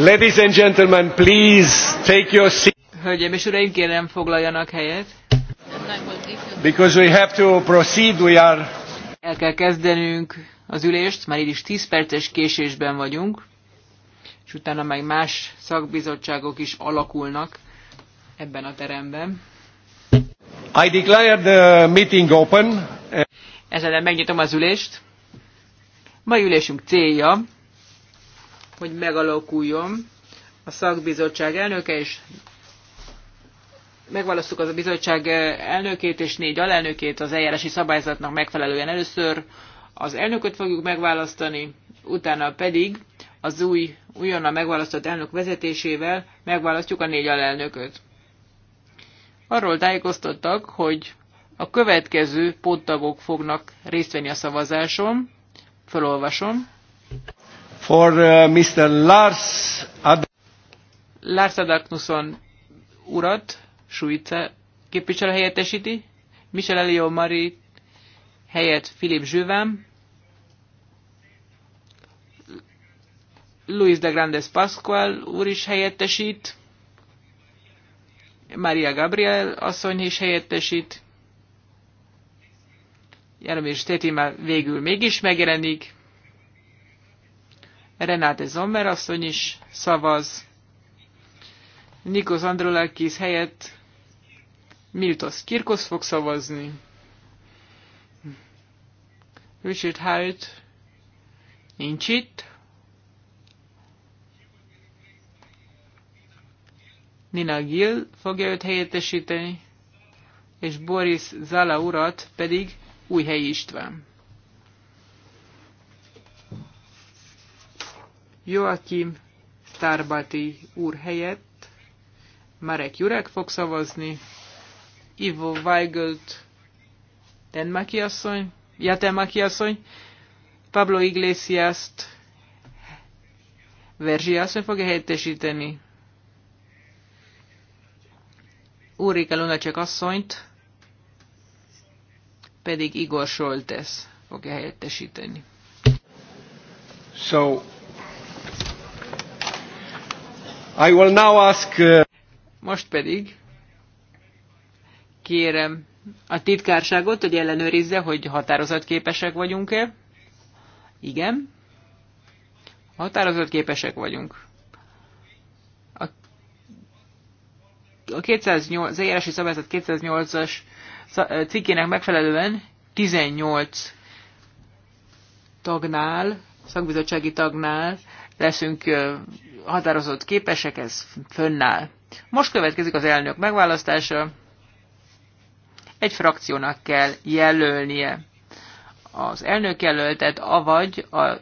Ladies and gentlemen, please take your seat. Hölgyeim és uraim, kérem foglaljanak helyet. Because we have to proceed, we are... El kell kezdenünk az ülést, már így is 10 perces késésben vagyunk, és utána meg más szakbizottságok is alakulnak ebben a teremben. I declare the meeting open. Ezzel megnyitom az ülést. Mai ülésünk célja, hogy megalakuljon a szakbizottság elnöke, és megválasztjuk az a bizottság elnökét és négy alelnökét az eljárási szabályzatnak megfelelően először. Az elnököt fogjuk megválasztani, utána pedig az új, újonnan megválasztott elnök vezetésével megválasztjuk a négy alelnököt. Arról tájékoztattak, hogy a következő pottagok fognak részt venni a szavazáson. Felolvasom. For uh, Mr. Lars Ad Lars Adaknuson urat, Suica képviselő helyettesíti, Michel Elio Mari helyett Philip Zsüvem, Luis de Grandes Pascual úr is helyettesít, Maria Gabriel asszony is helyettesít, és Tétima végül mégis megjelenik, Renáte Zommer asszony is szavaz. Nikos Androlakis helyett Miltos Kirkos fog szavazni. Richard Hart nincs itt. Nina Gill fogja őt helyettesíteni, és Boris Zala urat pedig Újhelyi István. Joachim Starbati úr helyett Marek Jurek fog szavazni, Ivo Weigelt Tenmaki asszony, Jatemaki asszony, Pablo Iglesias-t Verzsi asszony fogja helyettesíteni, Úrika Lunacek asszonyt pedig Igor Soltes fogja helyettesíteni. So I will now ask... Uh... Most pedig kérem a titkárságot, hogy ellenőrizze, hogy határozatképesek vagyunk-e. Igen. Határozatképesek vagyunk. a 208, az eljárási szabályzat 208-as cikkének megfelelően 18 tagnál, szakbizottsági tagnál leszünk határozott képesek, ez fönnáll. Most következik az elnök megválasztása. Egy frakciónak kell jelölnie az elnök jelöltet, avagy a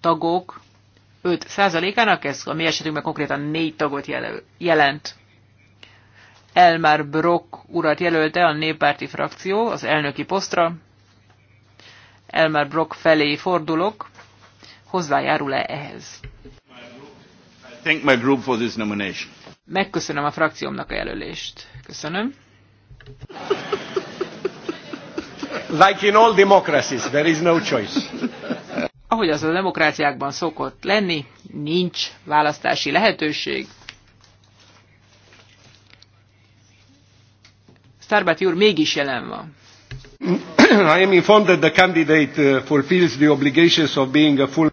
tagok 5%-ának, ez a mi esetünkben konkrétan 4 tagot jelent. Elmar Brock urat jelölte a néppárti frakció az elnöki posztra. Elmar Brock felé fordulok hozzájárul-e ehhez. Megköszönöm a frakciómnak a jelölést. Köszönöm. Like in all democracies, there is no choice. Ahogy az a demokráciákban szokott lenni, nincs választási lehetőség. Starbat úr mégis jelen van. I am informed that the candidate uh, fulfills the obligations of being a full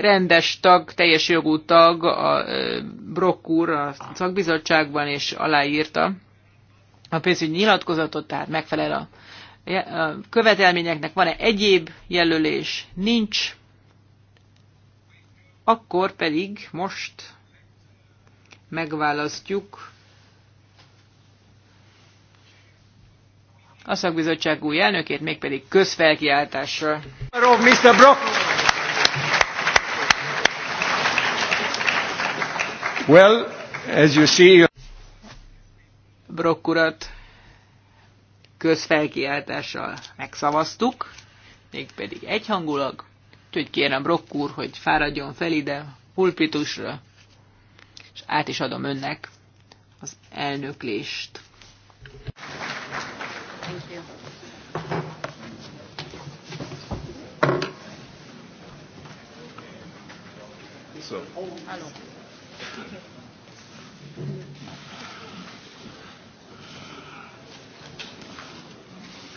rendes tag, teljes jogú tag, a Brock úr a szakbizottságban, és aláírta a pénzügyi nyilatkozatot, tehát megfelel a követelményeknek. Van-e egyéb jelölés? Nincs. Akkor pedig most megválasztjuk a szakbizottság új elnökét, mégpedig közfelkiáltásra. Mr. Brock. Well, as you see... Brock urat közfelkiáltással megszavaztuk, mégpedig egyhangulag, úgyhogy kérem Brock úr, hogy fáradjon fel ide pulpitusra, és át is adom önnek az elnöklést. Thank you. So. Hello.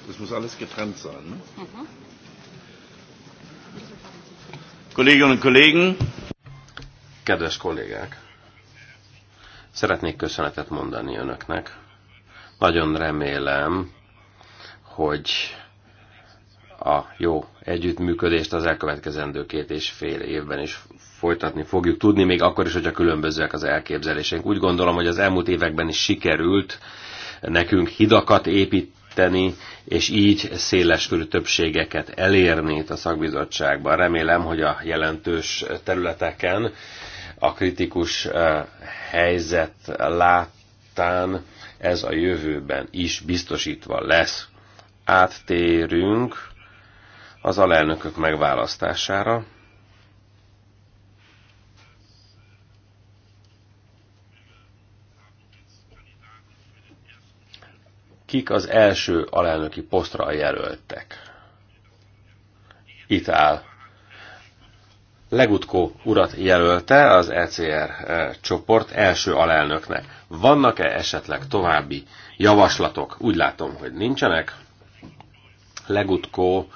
Das muss alles getrennt sein. Ne? Mhm. Kolleginnen und Kollegen! Kedves kollégák! Szeretnék köszönetet mondani önöknek. Nagyon remélem, hogy a jó együttműködést az elkövetkezendő két és fél évben is folytatni fogjuk tudni, még akkor is, hogyha különbözőek az elképzelésünk Úgy gondolom, hogy az elmúlt években is sikerült nekünk hidakat építeni, és így széles körű többségeket elérni itt a szakbizottságban. Remélem, hogy a jelentős területeken a kritikus eh, helyzet láttán ez a jövőben is biztosítva lesz. Áttérünk az alelnökök megválasztására. Kik az első alelnöki posztra jelöltek? Itt áll. Legutkó urat jelölte az ECR eh, csoport első alelnöknek. Vannak-e esetleg további javaslatok? Úgy látom, hogy nincsenek. Legutkó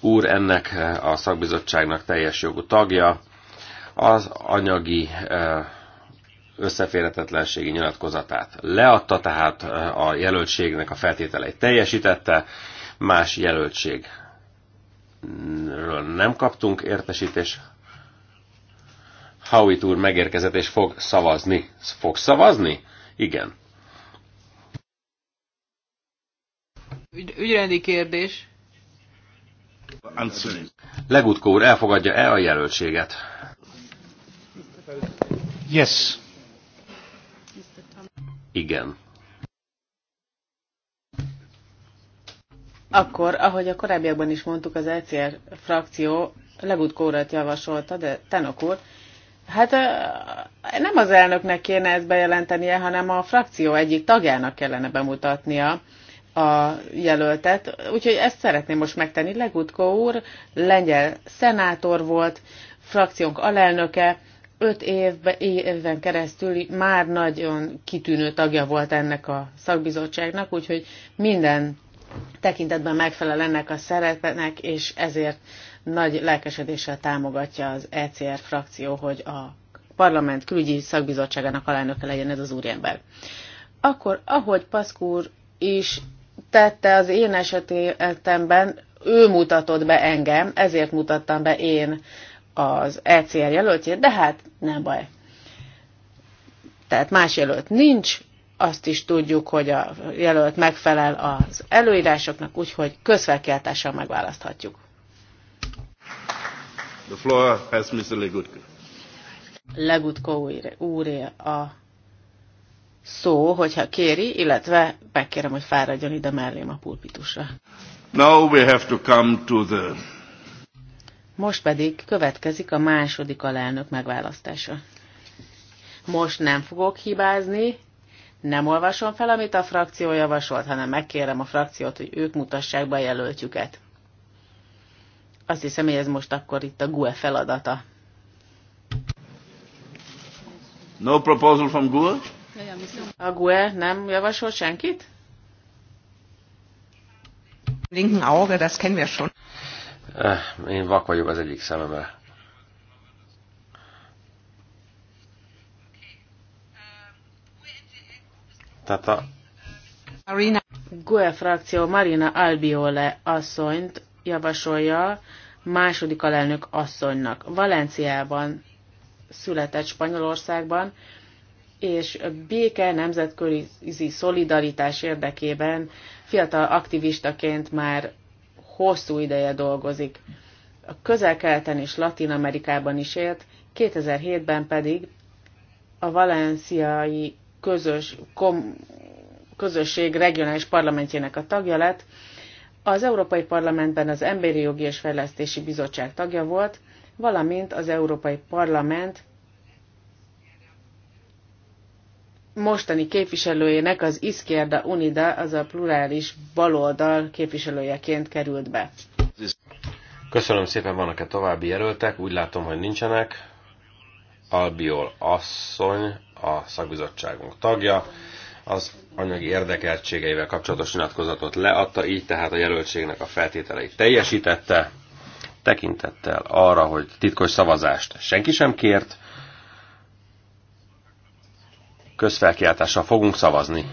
úr ennek eh, a szakbizottságnak teljes jogú tagja. Az anyagi eh, összeférhetetlenségi nyilatkozatát leadta, tehát eh, a jelöltségnek a feltételeit teljesítette, más jelöltségről nem kaptunk értesítést. Howitt úr megérkezett és fog szavazni. Fog szavazni? Igen. Ügy, ügyrendi kérdés. Legutkó úr, elfogadja-e a jelöltséget? Yes. Igen. Akkor, ahogy a korábbiakban is mondtuk, az ECR frakció legutkórat javasolta, de Tenok úr, hát nem az elnöknek kéne ezt bejelentenie, hanem a frakció egyik tagjának kellene bemutatnia a jelöltet, úgyhogy ezt szeretném most megtenni. Legutko úr lengyel szenátor volt, frakciónk alelnöke, öt évben, évben keresztül már nagyon kitűnő tagja volt ennek a szakbizottságnak, úgyhogy minden tekintetben megfelel ennek a szeretetnek, és ezért nagy lelkesedéssel támogatja az ECR frakció, hogy a parlament külügyi szakbizottságának alelnöke legyen ez az úriember. Akkor, ahogy Paszkúr is tette az én esetemben, ő mutatott be engem, ezért mutattam be én az ECR jelöltjét, de hát nem baj. Tehát más jelölt nincs, azt is tudjuk, hogy a jelölt megfelel az előírásoknak, úgyhogy közfelkiáltással megválaszthatjuk. The floor has Mr. Legutko. Legutko úr, úr a szó, hogyha kéri, illetve megkérem, hogy fáradjon ide mellém a pulpitusra. Now we have to come to the... Most pedig következik a második alelnök megválasztása. Most nem fogok hibázni, nem olvasom fel, amit a frakció javasolt, hanem megkérem a frakciót, hogy ők mutassák be a jelöltjüket. Azt hiszem, hogy ez most akkor itt a GUE feladata. No proposal from GUE? A GUE nem javasol senkit? Linken Auge, das kennen wir schon. Eh, én vak vagyok az egyik szememre. Tehát a Marina. GUE frakció Marina Albiole asszonyt javasolja második alelnök asszonynak. Valenciában született Spanyolországban, és béke nemzetközi szolidaritás érdekében fiatal aktivistaként már hosszú ideje dolgozik. A közel-keleten és Latin Amerikában is élt, 2007-ben pedig a valenciai közös, kom, közösség regionális parlamentjének a tagja lett, az Európai Parlamentben az Emberi Jogi és Fejlesztési Bizottság tagja volt, valamint az Európai Parlament mostani képviselőjének az Izquierda Unida, az a plurális baloldal képviselőjeként került be. Köszönöm szépen, vannak-e további jelöltek? Úgy látom, hogy nincsenek. Albiol asszony, a szakbizottságunk tagja, az anyagi érdekeltségeivel kapcsolatos nyilatkozatot leadta, így tehát a jelöltségnek a feltételeit teljesítette, tekintettel arra, hogy titkos szavazást senki sem kért, közfelkiáltással fogunk szavazni.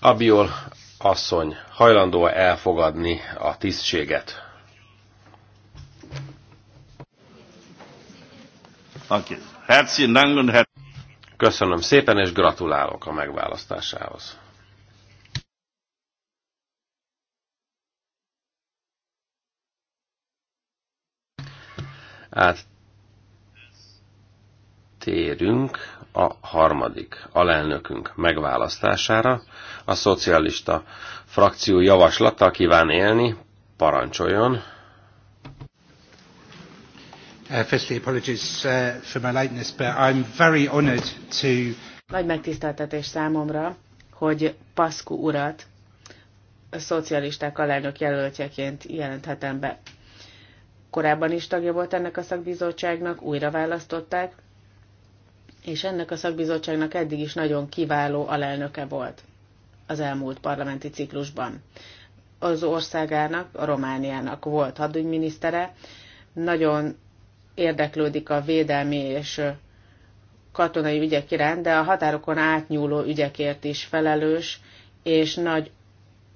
Abiol asszony hajlandó elfogadni a tisztséget? Köszönöm szépen, és gratulálok a megválasztásához. Áttérünk a harmadik alelnökünk megválasztására. A szocialista frakció javaslata kíván élni, parancsoljon. Uh, uh, Nagy megtiszteltetés számomra, hogy Paszku urat a szocialisták alelnök jelöltjeként jelenthetem be korábban is tagja volt ennek a szakbizottságnak, újra választották, és ennek a szakbizottságnak eddig is nagyon kiváló alelnöke volt az elmúlt parlamenti ciklusban. Az országának, a Romániának volt hadügyminisztere, nagyon érdeklődik a védelmi és katonai ügyek iránt, de a határokon átnyúló ügyekért is felelős, és nagy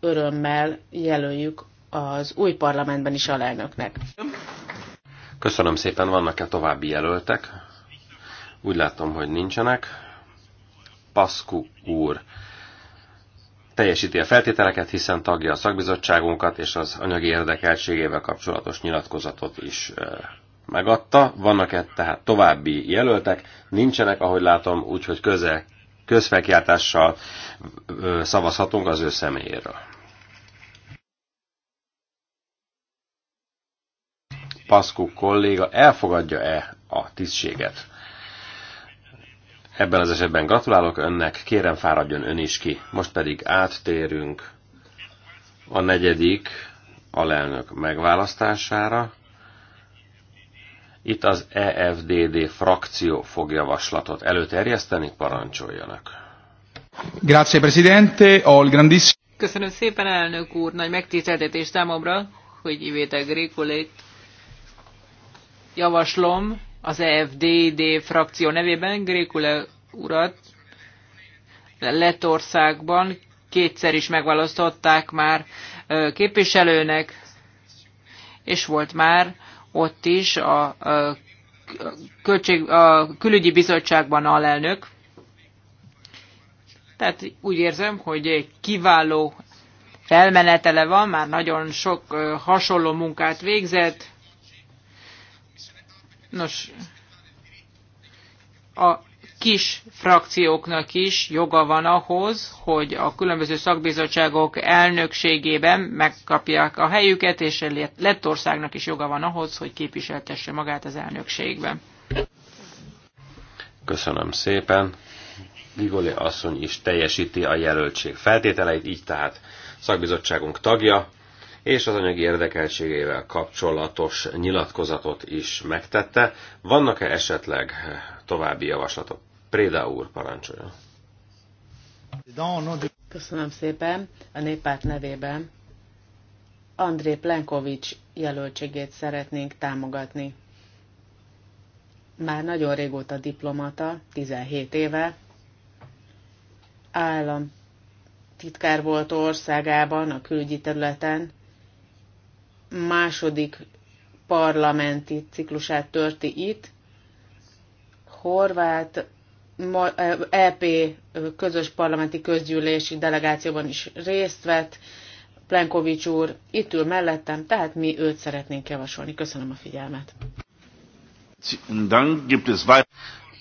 örömmel jelöljük az új parlamentben is alelnöknek. Köszönöm szépen, vannak-e további jelöltek? Úgy látom, hogy nincsenek. Paszku úr teljesíti a feltételeket, hiszen tagja a szakbizottságunkat, és az anyagi érdekeltségével kapcsolatos nyilatkozatot is megadta. Vannak-e tehát további jelöltek? Nincsenek, ahogy látom, úgyhogy közel közfelkiáltással szavazhatunk az ő személyéről. Paszkó kolléga elfogadja-e a tisztséget. Ebben az esetben gratulálok önnek, kérem fáradjon ön is ki. Most pedig áttérünk a negyedik alelnök megválasztására. Itt az EFDD frakció fog javaslatot előterjeszteni, parancsoljanak. Grazie, Presidente. Ho grandissimo... Köszönöm szépen, elnök úr. Nagy megtiszteltetés számomra, hogy Ivétel Grékolét javaslom az EFDD frakció nevében Grékule urat Letországban kétszer is megválasztották már képviselőnek, és volt már ott is a, a, költség, a külügyi bizottságban alelnök. Tehát úgy érzem, hogy egy kiváló felmenetele van, már nagyon sok hasonló munkát végzett, Nos, a kis frakcióknak is joga van ahhoz, hogy a különböző szakbizottságok elnökségében megkapják a helyüket, és Lettországnak is joga van ahhoz, hogy képviseltesse magát az elnökségben. Köszönöm szépen. Vigoli asszony is teljesíti a jelöltség feltételeit, így tehát szakbizottságunk tagja, és az anyagi érdekeltségével kapcsolatos nyilatkozatot is megtette. Vannak-e esetleg további javaslatok? Préda úr parancsolja. Köszönöm szépen. A néppárt nevében André Plenkovics jelöltségét szeretnénk támogatni. Már nagyon régóta diplomata, 17 éve, állam titkár volt országában, a külügyi területen, második parlamenti ciklusát törti itt. Horvát EP eh, e közös parlamenti közgyűlési delegációban is részt vett, Plenkovics úr itt ül mellettem, tehát mi őt szeretnénk javasolni. Köszönöm a figyelmet.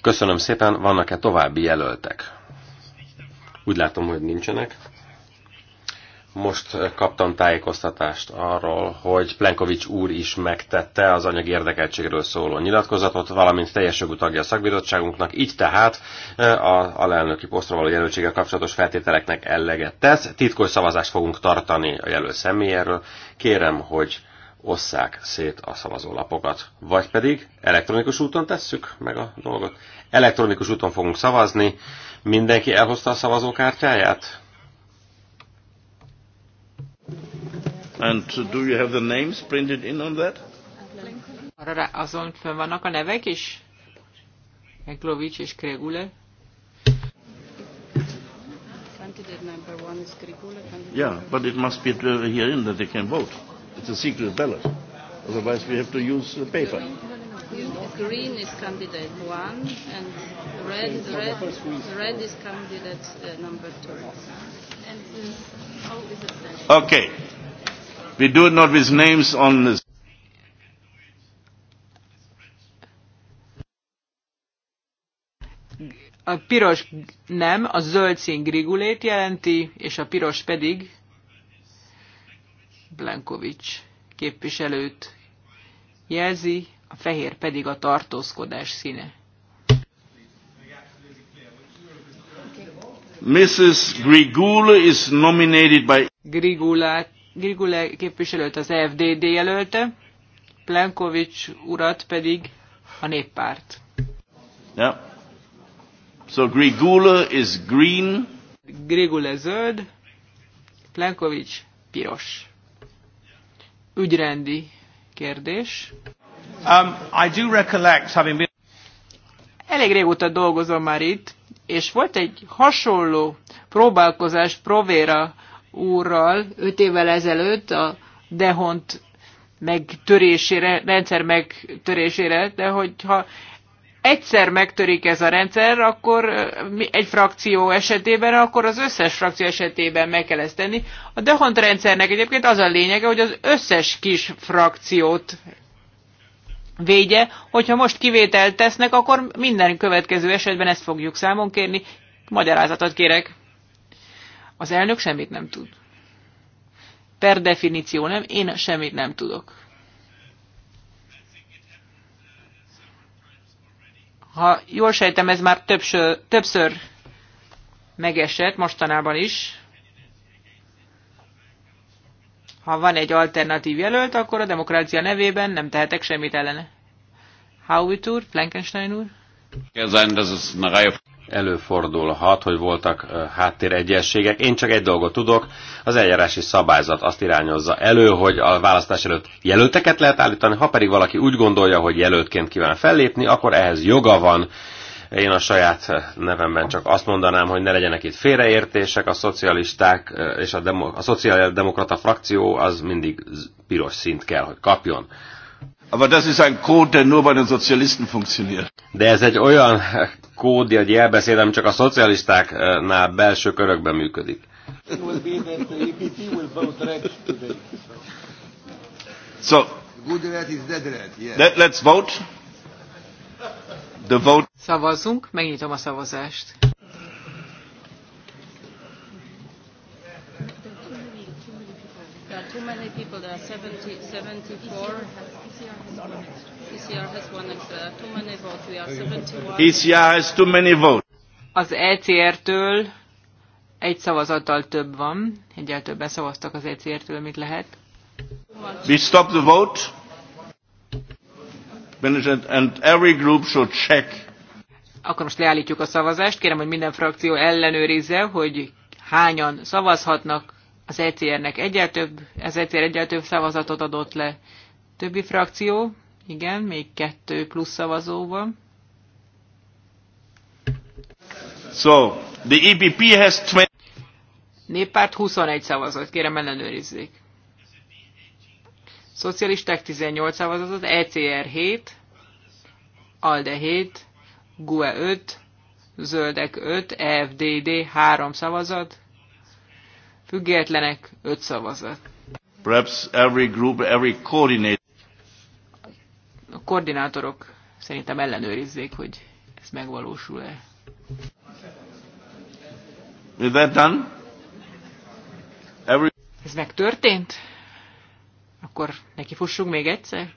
Köszönöm szépen, vannak-e további jelöltek? Úgy látom, hogy nincsenek. Most eh, kaptam tájékoztatást arról, hogy Plenkovics úr is megtette az anyagi érdekeltségről szóló nyilatkozatot, valamint teljes jogú tagja a szakbizottságunknak, így tehát eh, a alelnöki posztra való jelöltséggel kapcsolatos feltételeknek elleget tesz. Titkos szavazást fogunk tartani a jelölt személyéről. Kérem, hogy osszák szét a szavazólapokat. Vagy pedig elektronikus úton tesszük meg a dolgot. Elektronikus úton fogunk szavazni. Mindenki elhozta a szavazókártyáját? And do you have the names printed in on that? azon fönn vannak a nevek is? Eglovics és Kregule. Yeah, but it must be uh, here in that they can vote. It's a secret ballot. Otherwise we have to use the paper. Green is candidate one and red, red, red is candidate uh, number two. And, uh, oh, is it okay. We do it not with names on this. A piros nem, a zöld szín grigulét jelenti, és a piros pedig Blankovics képviselőt jelzi, a fehér pedig a tartózkodás színe. Mrs. Grigula is nominated by Grigulát Virgule képviselőt az FDD jelölte, Plenkovics urat pedig a néppárt. Yeah. So Grigula is green. Grigula zöld, Plenkovics piros. Ügyrendi kérdés. Um, I do recollect having been... Elég régóta dolgozom már itt, és volt egy hasonló próbálkozás Provera úrral öt évvel ezelőtt a Dehont megtörésére, rendszer megtörésére, de hogyha egyszer megtörik ez a rendszer, akkor egy frakció esetében, akkor az összes frakció esetében meg kell ezt tenni. A Dehont rendszernek egyébként az a lényege, hogy az összes kis frakciót védje, hogyha most kivételt tesznek, akkor minden következő esetben ezt fogjuk számon kérni. Magyarázatot kérek. Az elnök semmit nem tud. Per definíció nem, én semmit nem tudok. Ha jól sejtem, ez már többször, többször megesett, mostanában is. Ha van egy alternatív jelölt, akkor a demokrácia nevében nem tehetek semmit ellene. Howitt úr, Flankenstein úr? előfordulhat, hogy voltak háttéregyességek. Én csak egy dolgot tudok, az eljárási szabályzat azt irányozza elő, hogy a választás előtt jelölteket lehet állítani, ha pedig valaki úgy gondolja, hogy jelöltként kíván fellépni, akkor ehhez joga van. Én a saját nevemben csak azt mondanám, hogy ne legyenek itt félreértések, a szocialisták és a, demo, a szociáldemokrata frakció az mindig piros szint kell, hogy kapjon. Aber das ist ein Code, der nur bei den Sozialisten funktioniert. De ez egy olyan kód, egy jelbeszéd, ami csak a szocialistáknál belső körökben működik. E so, good red is dead red, yeah. Let, let's vote. The vote. Szavazzunk, megnyitom a szavazást. uh, ECR has Too many votes. Az ECR-től egy szavazattal több van. Egyel többen szavaztak az ECR-től, mit lehet. We stop the vote. Management and every group should check. Akkor most leállítjuk a szavazást. Kérem, hogy minden frakció ellenőrizze, hogy hányan szavazhatnak, az ECR-nek egyel több, az ECR egyel több szavazatot adott le. Többi frakció, igen, még kettő plusz szavazó van. So, the EPP has 20... Néppárt 21 szavazat, kérem ellenőrizzék. Szocialisták 18 szavazatot, ECR 7, ALDE 7, GUE 5, Zöldek 5, EFDD 3 szavazat, függetlenek öt szavazat. Perhaps every group, every coordinator. A koordinátorok szerintem ellenőrizzék, hogy ez megvalósul-e. Is that done? Every... Ez megtörtént? Akkor neki fussunk még egyszer?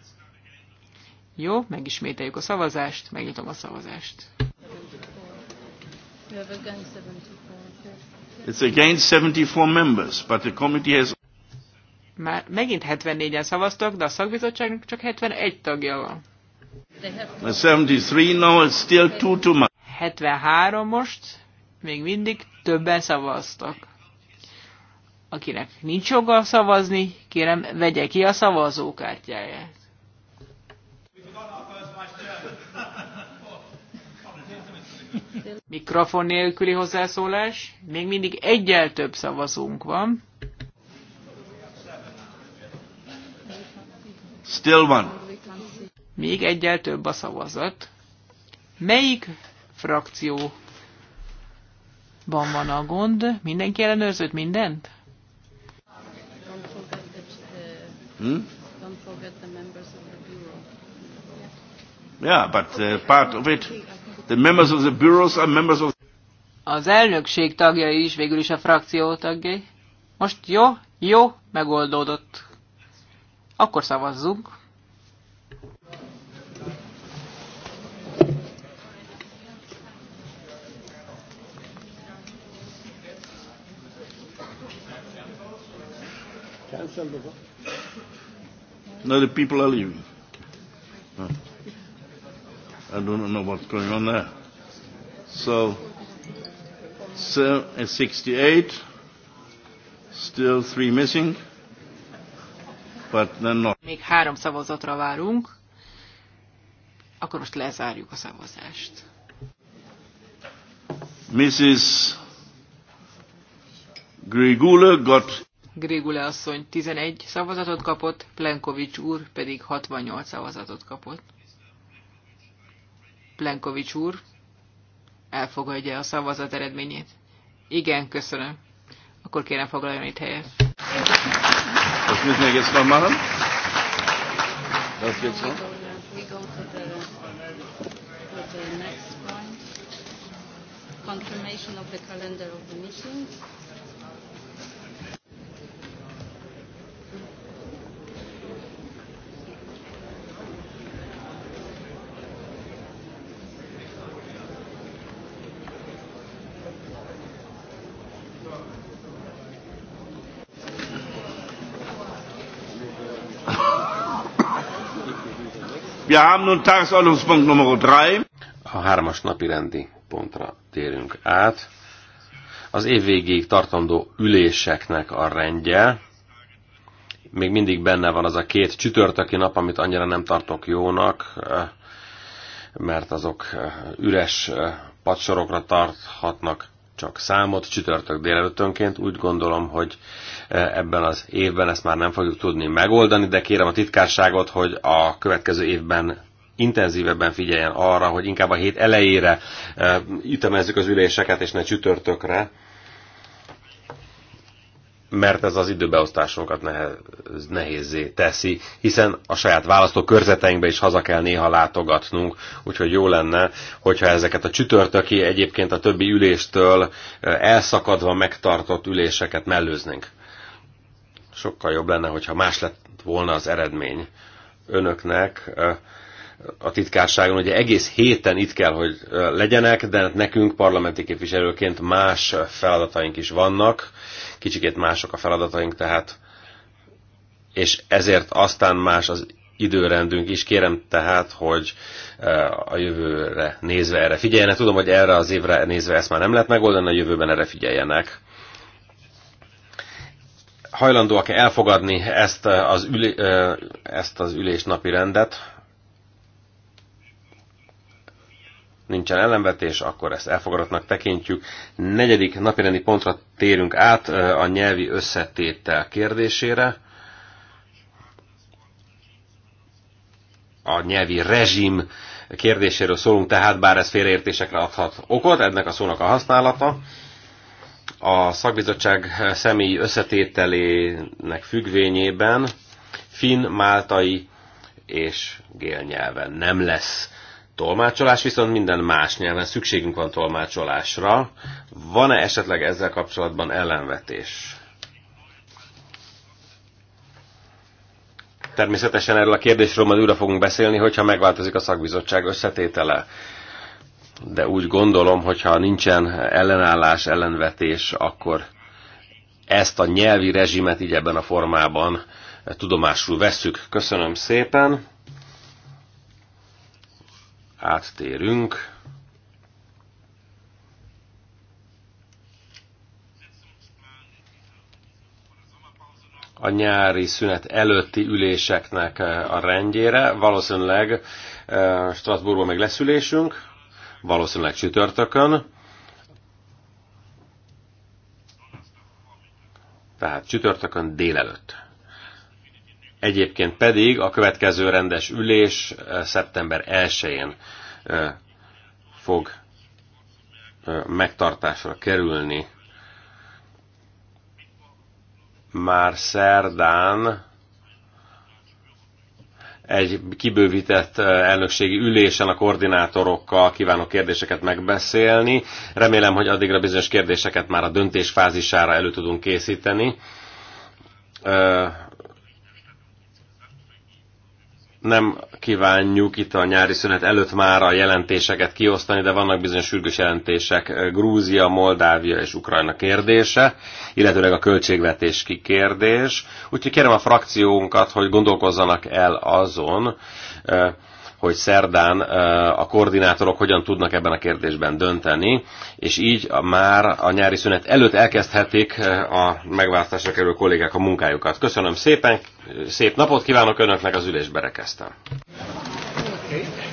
Jó, megismételjük a szavazást, megnyitom a szavazást. We have 74. It's against 74 members, but the committee has... Már megint 74-en szavaztak, de a szakbizottságnak csak 71 tagja van. 73 still two too much. 73 most, még mindig többen szavaztak. Akinek nincs joga szavazni, kérem, vegye ki a szavazókártyáját. Mikrofon nélküli hozzászólás. Még mindig egyel több szavazónk van. Still one. Még egyel több a szavazat. Melyik frakcióban van a gond? Mindenki ellenőrzött mindent? Hmm? Yeah, but uh, part of it The members of the bureaus are members of... Az elnökség tagjai is végül is a frakció tagjai. Most jó, jó, megoldódott. Akkor szavazzunk. Now the people are leaving. No. I don't know what's going on there. So, 68, uh, still three missing, but then not. Még három szavazatra várunk, akkor most lezárjuk a szavazást. Mrs. Grigula got Grigula asszony 11 szavazatot kapott, Plenkovics úr pedig 68 szavazatot kapott. Plenkovics úr elfogadja a szavazat eredményét. Igen, köszönöm. Akkor kérem foglaljon itt helyet. Confirmation of the calendar of the meetings. Wir haben nun Tagesordnungspunkt Nummer 3. A hármas napi rendi pontra térünk át. Az év végéig tartandó üléseknek a rendje. Még mindig benne van az a két csütörtöki nap, amit annyira nem tartok jónak, eh, mert azok eh, üres eh, padsorokra tarthatnak csak számot csütörtök délelőttönként. Úgy gondolom, hogy e, ebben az évben ezt már nem fogjuk tudni megoldani, de kérem a titkárságot, hogy a következő évben intenzívebben figyeljen arra, hogy inkább a hét elejére e, ütemezzük az üléseket, és ne csütörtökre, mert ez az időbeosztásunkat nehez, nehézé teszi, hiszen a saját választókörzeteinkbe is haza kell néha látogatnunk, úgyhogy jó lenne, hogyha ezeket a csütörtöki egyébként a többi üléstől eh, elszakadva megtartott üléseket mellőznénk. Sokkal jobb lenne, hogyha más lett volna az eredmény önöknek eh, a titkárságon, ugye egész héten itt kell, hogy legyenek, de nekünk parlamenti képviselőként más feladataink is vannak, kicsikét mások a feladataink, tehát és ezért aztán más az időrendünk is. Kérem tehát, hogy a jövőre nézve erre figyeljenek. Tudom, hogy erre az évre nézve ezt már nem lehet megoldani, a jövőben erre figyeljenek. Hajlandóak-e elfogadni ezt az, üli, ezt az ülésnapi rendet? nincsen ellenvetés, akkor ezt elfogadottnak tekintjük. Negyedik napirendi pontra térünk át a nyelvi összetétel kérdésére. A nyelvi rezsim kérdéséről szólunk, tehát bár ez félreértésekre adhat okot, ennek a szónak a használata. A szakbizottság személyi összetételének függvényében finn, máltai és gél nyelven nem lesz tolmácsolás, viszont minden más nyelven szükségünk van tolmácsolásra. Van-e esetleg ezzel kapcsolatban ellenvetés? Természetesen erről a kérdésről majd újra fogunk beszélni, hogyha megváltozik a szakbizottság összetétele. De úgy gondolom, hogyha nincsen ellenállás, ellenvetés, akkor ezt a nyelvi rezsimet így ebben a formában tudomásul vesszük. Köszönöm szépen! áttérünk a nyári szünet előtti üléseknek eh, a rendjére. Valószínűleg eh, Strasbourgban meg leszülésünk, valószínűleg csütörtökön. Tehát csütörtökön délelőtt. Egyébként pedig a következő rendes ülés eh, szeptember 1-én eh, fog eh, megtartásra kerülni. Már szerdán egy kibővített elnökségi ülésen a koordinátorokkal kívánok kérdéseket megbeszélni. Remélem, hogy addigra bizonyos kérdéseket már a döntés fázisára elő tudunk készíteni nem kívánjuk itt a nyári szünet előtt már a jelentéseket kiosztani, de vannak bizonyos sürgős jelentések. Grúzia, Moldávia és Ukrajna kérdése, illetőleg a költségvetés kikérdés. Úgyhogy kérem a frakciónkat, hogy gondolkozzanak el azon, eh, hogy szerdán a koordinátorok hogyan tudnak ebben a kérdésben dönteni, és így már a nyári szünet előtt elkezdhetik a megválasztásra kerülő kollégák a munkájukat. Köszönöm szépen, szép napot kívánok Önöknek, az ülésbe rekeztem. Okay.